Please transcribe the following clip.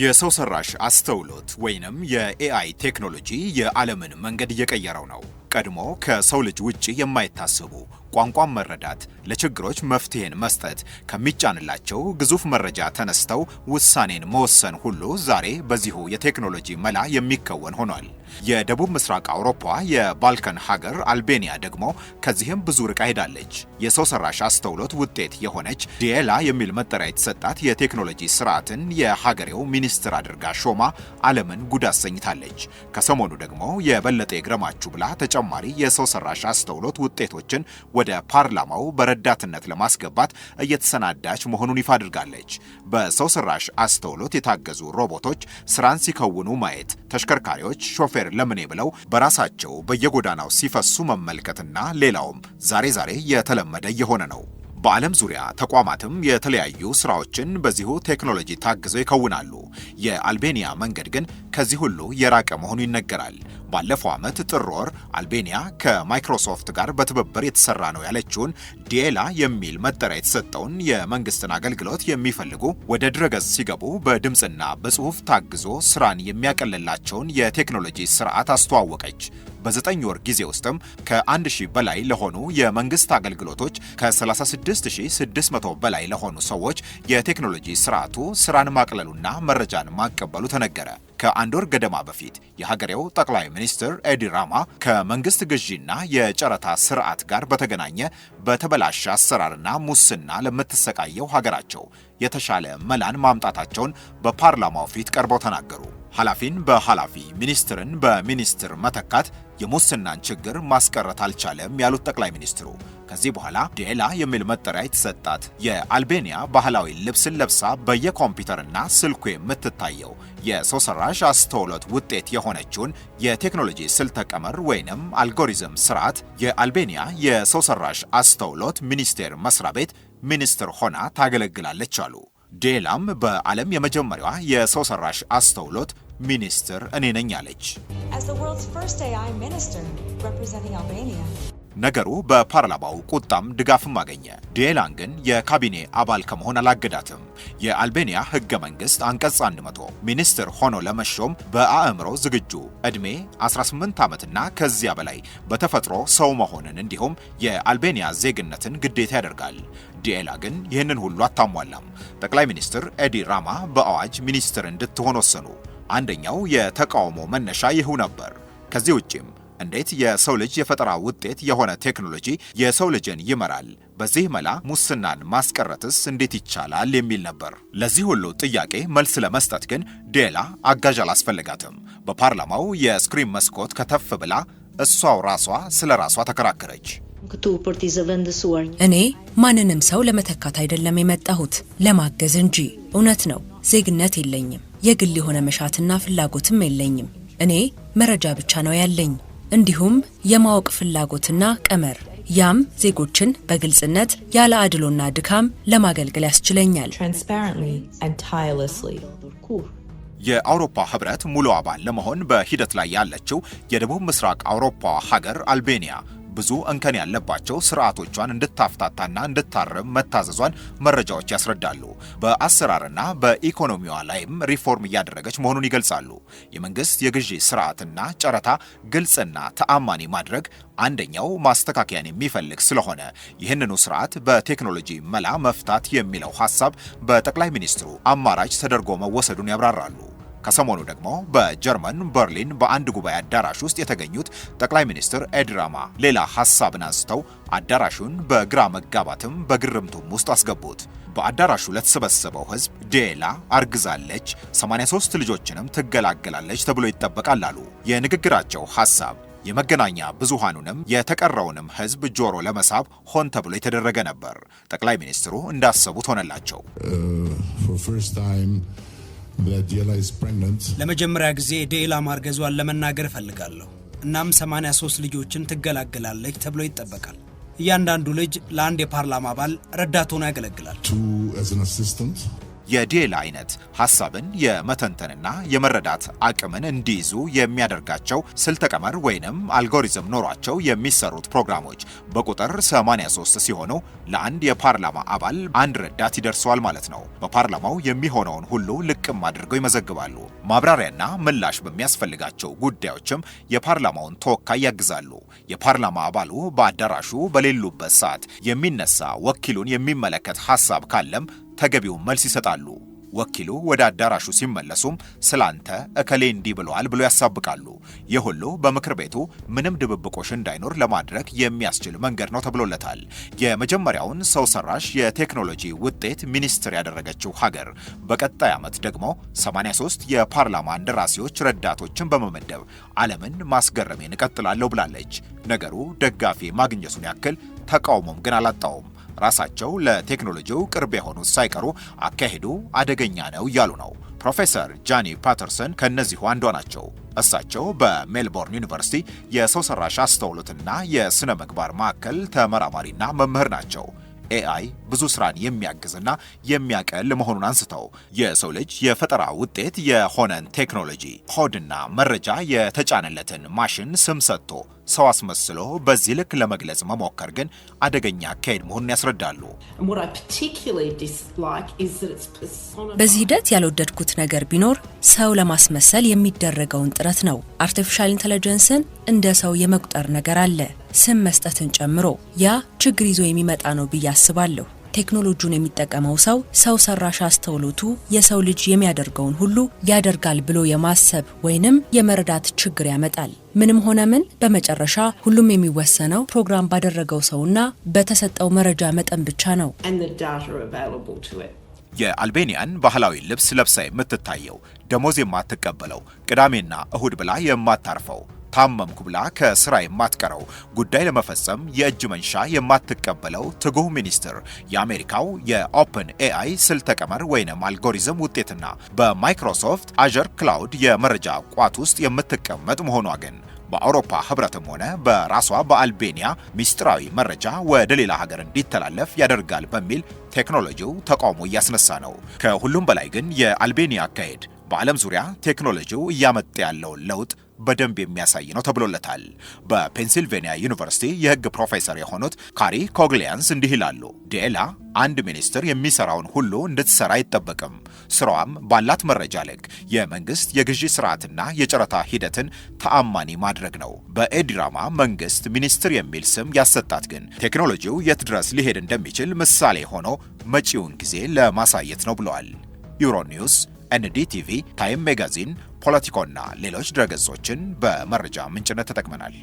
የሰው ሰራሽ አስተውሎት ወይንም የኤአይ ቴክኖሎጂ የዓለምን መንገድ እየቀየረው ነው። ቀድሞ ከሰው ልጅ ውጭ የማይታሰቡ ቋንቋን መረዳት፣ ለችግሮች መፍትሄን መስጠት ከሚጫንላቸው ግዙፍ መረጃ ተነስተው ውሳኔን መወሰን ሁሉ ዛሬ በዚሁ የቴክኖሎጂ መላ የሚከወን ሆኗል። የደቡብ ምስራቅ አውሮፓ የባልካን ሀገር አልቤኒያ ደግሞ ከዚህም ብዙ ርቃ ሄዳለች። የሰው ሰራሽ አስተውሎት ውጤት የሆነች ዲኤላ የሚል መጠሪያ የተሰጣት የቴክኖሎጂ ስርዓትን የሀገሬው ሚኒስትር አድርጋ ሾማ ዓለምን ጉድ አሰኝታለች። ከሰሞኑ ደግሞ የበለጠ ይግረማችሁ ብላ ተጫ ተጨማሪ የሰው ሰራሽ አስተውሎት ውጤቶችን ወደ ፓርላማው በረዳትነት ለማስገባት እየተሰናዳች መሆኑን ይፋ አድርጋለች። በሰው ሰራሽ አስተውሎት የታገዙ ሮቦቶች ስራን ሲከውኑ ማየት፣ ተሽከርካሪዎች ሾፌር ለምኔ ብለው በራሳቸው በየጎዳናው ሲፈሱ መመልከትና ሌላውም ዛሬ ዛሬ የተለመደ እየሆነ ነው። በዓለም ዙሪያ ተቋማትም የተለያዩ ስራዎችን በዚሁ ቴክኖሎጂ ታግዘው ይከውናሉ። የአልቤኒያ መንገድ ግን ከዚህ ሁሉ የራቀ መሆኑ ይነገራል። ባለፈው ዓመት ጥር ወር አልቤኒያ ከማይክሮሶፍት ጋር በትብብር የተሰራ ነው ያለችውን ዲኤላ የሚል መጠሪያ የተሰጠውን የመንግስትን አገልግሎት የሚፈልጉ ወደ ድረገጽ ሲገቡ በድምፅና በጽሑፍ ታግዞ ስራን የሚያቀልላቸውን የቴክኖሎጂ ስርዓት አስተዋወቀች። በዘጠኝ ወር ጊዜ ውስጥም ከአንድ ሺህ በላይ ለሆኑ የመንግስት አገልግሎቶች ከ36600 በላይ ለሆኑ ሰዎች የቴክኖሎጂ ስርዓቱ ስራን ማቅለሉና መረጃን ማቀበሉ ተነገረ። ከአንድ ወር ገደማ በፊት የሀገሬው ጠቅላይ ሚኒስትር ኤዲ ራማ ከመንግስት ግዢና የጨረታ ስርዓት ጋር በተገናኘ በተበላሸ አሰራርና ሙስና ለምትሰቃየው ሀገራቸው የተሻለ መላን ማምጣታቸውን በፓርላማው ፊት ቀርበው ተናገሩ። ኃላፊን በኃላፊ ሚኒስትርን በሚኒስትር መተካት የሙስናን ችግር ማስቀረት አልቻለም ያሉት ጠቅላይ ሚኒስትሩ ከዚህ በኋላ ዴላ የሚል መጠሪያ የተሰጣት የአልቤኒያ ባህላዊ ልብስን ለብሳ በየኮምፒውተርና ስልኩ የምትታየው የሰው ሰራሽ አስተውሎት ውጤት የሆነችውን የቴክኖሎጂ ስልተ ቀመር ወይንም አልጎሪዝም ስርዓት የአልቤኒያ የሰው ሰራሽ አስተውሎት ሚኒስቴር መስሪያ ቤት ሚኒስትር ሆና ታገለግላለች አሉ። ዴላም በዓለም የመጀመሪያዋ የሰው ሰራሽ አስተውሎት ሚኒስትር እኔ ነኝ አለች። ነገሩ በፓርላማው ቁጣም ድጋፍም አገኘ። ዴላን ግን የካቢኔ አባል ከመሆን አላገዳትም። የአልቤኒያ ህገ መንግስት አንቀጽ 100 ሚኒስትር ሆኖ ለመሾም በአእምሮ ዝግጁ ዕድሜ 18 ዓመትና ከዚያ በላይ በተፈጥሮ ሰው መሆንን እንዲሁም የአልቤኒያ ዜግነትን ግዴታ ያደርጋል። ዲኤላ ግን ይህንን ሁሉ አታሟላም። ጠቅላይ ሚኒስትር ኤዲ ራማ በአዋጅ ሚኒስትር እንድትሆን ወሰኑ። አንደኛው የተቃውሞ መነሻ ይህው ነበር። ከዚህ ውጭም እንዴት የሰው ልጅ የፈጠራ ውጤት የሆነ ቴክኖሎጂ የሰው ልጅን ይመራል? በዚህ መላ ሙስናን ማስቀረትስ እንዴት ይቻላል? የሚል ነበር። ለዚህ ሁሉ ጥያቄ መልስ ለመስጠት ግን ዴላ አጋዥ አላስፈልጋትም። በፓርላማው የስክሪን መስኮት ከተፍ ብላ እሷው ራሷ ስለ ራሷ ተከራከረች። እኔ ማንንም ሰው ለመተካት አይደለም የመጣሁት ለማገዝ እንጂ። እውነት ነው ዜግነት የለኝም፣ የግል የሆነ መሻትና ፍላጎትም የለኝም። እኔ መረጃ ብቻ ነው ያለኝ። እንዲሁም የማወቅ ፍላጎትና ቀመር ያም ዜጎችን በግልጽነት ያለ አድሎና ድካም ለማገልገል ያስችለኛል። የአውሮፓ ህብረት ሙሉ አባል ለመሆን በሂደት ላይ ያለችው የደቡብ ምስራቅ አውሮፓ ሀገር አልቤኒያ ብዙ እንከን ያለባቸው ስርዓቶቿን እንድታፍታታና እንድታርም መታዘዟን መረጃዎች ያስረዳሉ። በአሰራርና በኢኮኖሚዋ ላይም ሪፎርም እያደረገች መሆኑን ይገልጻሉ። የመንግስት የግዢ ስርዓትና ጨረታ ግልጽና ተአማኒ ማድረግ አንደኛው ማስተካከያን የሚፈልግ ስለሆነ ይህንኑ ስርዓት በቴክኖሎጂ መላ መፍታት የሚለው ሀሳብ በጠቅላይ ሚኒስትሩ አማራጭ ተደርጎ መወሰዱን ያብራራሉ። ከሰሞኑ ደግሞ በጀርመን በርሊን በአንድ ጉባኤ አዳራሽ ውስጥ የተገኙት ጠቅላይ ሚኒስትር ኤድራማ ሌላ ሀሳብን አንስተው አዳራሹን በግራ መጋባትም በግርምቱም ውስጥ አስገቡት። በአዳራሹ ለተሰበሰበው ሕዝብ ዴላ አርግዛለች፣ 83 ልጆችንም ትገላገላለች ተብሎ ይጠበቃል አሉ። የንግግራቸው ሀሳብ የመገናኛ ብዙሃኑንም የተቀረውንም ህዝብ ጆሮ ለመሳብ ሆን ተብሎ የተደረገ ነበር። ጠቅላይ ሚኒስትሩ እንዳሰቡት ሆነላቸው። uh, ለመጀመሪያ ጊዜ ዴላ ማርገዟን ለመናገር እፈልጋለሁ። እናም 83 ልጆችን ትገላግላለች ተብሎ ይጠበቃል። እያንዳንዱ ልጅ ለአንድ የፓርላማ አባል ረዳት ሆኖ ያገለግላል። የዴል አይነት ሐሳብን የመተንተንና የመረዳት አቅምን እንዲይዙ የሚያደርጋቸው ስልተቀመር ወይንም አልጎሪዝም ኖሯቸው የሚሰሩት ፕሮግራሞች በቁጥር 83 ሲሆኑ ለአንድ የፓርላማ አባል አንድ ረዳት ይደርሰዋል ማለት ነው። በፓርላማው የሚሆነውን ሁሉ ልቅም አድርገው ይመዘግባሉ። ማብራሪያና ምላሽ በሚያስፈልጋቸው ጉዳዮችም የፓርላማውን ተወካይ ያግዛሉ። የፓርላማ አባሉ በአዳራሹ በሌሉበት ሰዓት የሚነሳ ወኪሉን የሚመለከት ሐሳብ ካለም ተገቢውን መልስ ይሰጣሉ። ወኪሉ ወደ አዳራሹ ሲመለሱም ስላንተ እከሌ እንዲህ ብለዋል ብሎ ያሳብቃሉ። ይህ ሁሉ በምክር ቤቱ ምንም ድብብቆሽ እንዳይኖር ለማድረግ የሚያስችል መንገድ ነው ተብሎለታል። የመጀመሪያውን ሰው ሰራሽ የቴክኖሎጂ ውጤት ሚኒስትር ያደረገችው ሀገር በቀጣይ ዓመት ደግሞ 83 የፓርላማ እንደራሴዎች ረዳቶችን በመመደብ ዓለምን ማስገረሜን እቀጥላለሁ ብላለች። ነገሩ ደጋፊ ማግኘቱን ያክል ተቃውሞም ግን አላጣውም። ራሳቸው ለቴክኖሎጂው ቅርብ የሆኑት ሳይቀሩ አካሄዱ አደገኛ ነው እያሉ ነው። ፕሮፌሰር ጃኒ ፓተርሰን ከእነዚሁ አንዷ ናቸው። እሳቸው በሜልቦርን ዩኒቨርሲቲ የሰው ሰራሽ አስተውሎትና የሥነ ምግባር ማዕከል ተመራማሪና መምህር ናቸው። ኤአይ ብዙ ስራን የሚያግዝና የሚያቀል መሆኑን አንስተው የሰው ልጅ የፈጠራ ውጤት የሆነን ቴክኖሎጂ ኮድና መረጃ የተጫነለትን ማሽን ስም ሰጥቶ ሰው አስመስሎ በዚህ ልክ ለመግለጽ መሞከር ግን አደገኛ አካሄድ መሆኑን ያስረዳሉ። በዚህ ሂደት ያልወደድኩት ነገር ቢኖር ሰው ለማስመሰል የሚደረገውን ጥረት ነው። አርቲፊሻል ኢንተለጀንስን እንደ ሰው የመቁጠር ነገር አለ፣ ስም መስጠትን ጨምሮ። ያ ችግር ይዞ የሚመጣ ነው ብዬ አስባለሁ። ቴክኖሎጂውን የሚጠቀመው ሰው ሰው ሰራሽ አስተውሎቱ የሰው ልጅ የሚያደርገውን ሁሉ ያደርጋል ብሎ የማሰብ ወይንም የመረዳት ችግር ያመጣል። ምንም ሆነ ምን በመጨረሻ ሁሉም የሚወሰነው ፕሮግራም ባደረገው ሰውና በተሰጠው መረጃ መጠን ብቻ ነው። የአልቤኒያን ባህላዊ ልብስ ለብሳ የምትታየው ደሞዝ የማትቀበለው ቅዳሜና እሁድ ብላ የማታርፈው ታመምኩ ብላ ከስራ የማትቀረው ጉዳይ ለመፈጸም የእጅ መንሻ የማትቀበለው ትጉህ ሚኒስትር የአሜሪካው የኦፕን ኤአይ ስልተ ቀመር ወይንም አልጎሪዝም ውጤትና በማይክሮሶፍት አዥር ክላውድ የመረጃ ቋት ውስጥ የምትቀመጥ መሆኗ ግን በአውሮፓ ህብረትም ሆነ በራሷ በአልቤኒያ ሚስጥራዊ መረጃ ወደ ሌላ ሀገር እንዲተላለፍ ያደርጋል በሚል ቴክኖሎጂው ተቃውሞ እያስነሳ ነው። ከሁሉም በላይ ግን የአልቤኒያ አካሄድ በዓለም ዙሪያ ቴክኖሎጂው እያመጣ ያለውን ለውጥ በደንብ የሚያሳይ ነው ተብሎለታል። በፔንሲልቬኒያ ዩኒቨርሲቲ የህግ ፕሮፌሰር የሆኑት ካሪ ኮግሊያንስ እንዲህ ይላሉ። ዴላ አንድ ሚኒስትር የሚሰራውን ሁሉ እንድትሰራ አይጠበቅም። ስራዋም ባላት መረጃ ልክ የመንግስት የግዢ ስርዓትና የጨረታ ሂደትን ተአማኒ ማድረግ ነው። በኤዲራማ መንግስት ሚኒስትር የሚል ስም ያሰጣት ግን ቴክኖሎጂው የት ድረስ ሊሄድ እንደሚችል ምሳሌ ሆኖ መጪውን ጊዜ ለማሳየት ነው ብለዋል። ዩሮኒውስ፣ ኤንዲቲቪ፣ ታይም ሜጋዚን ፖለቲኮና ሌሎች ድረገጾችን በመረጃ ምንጭነት ተጠቅመናል።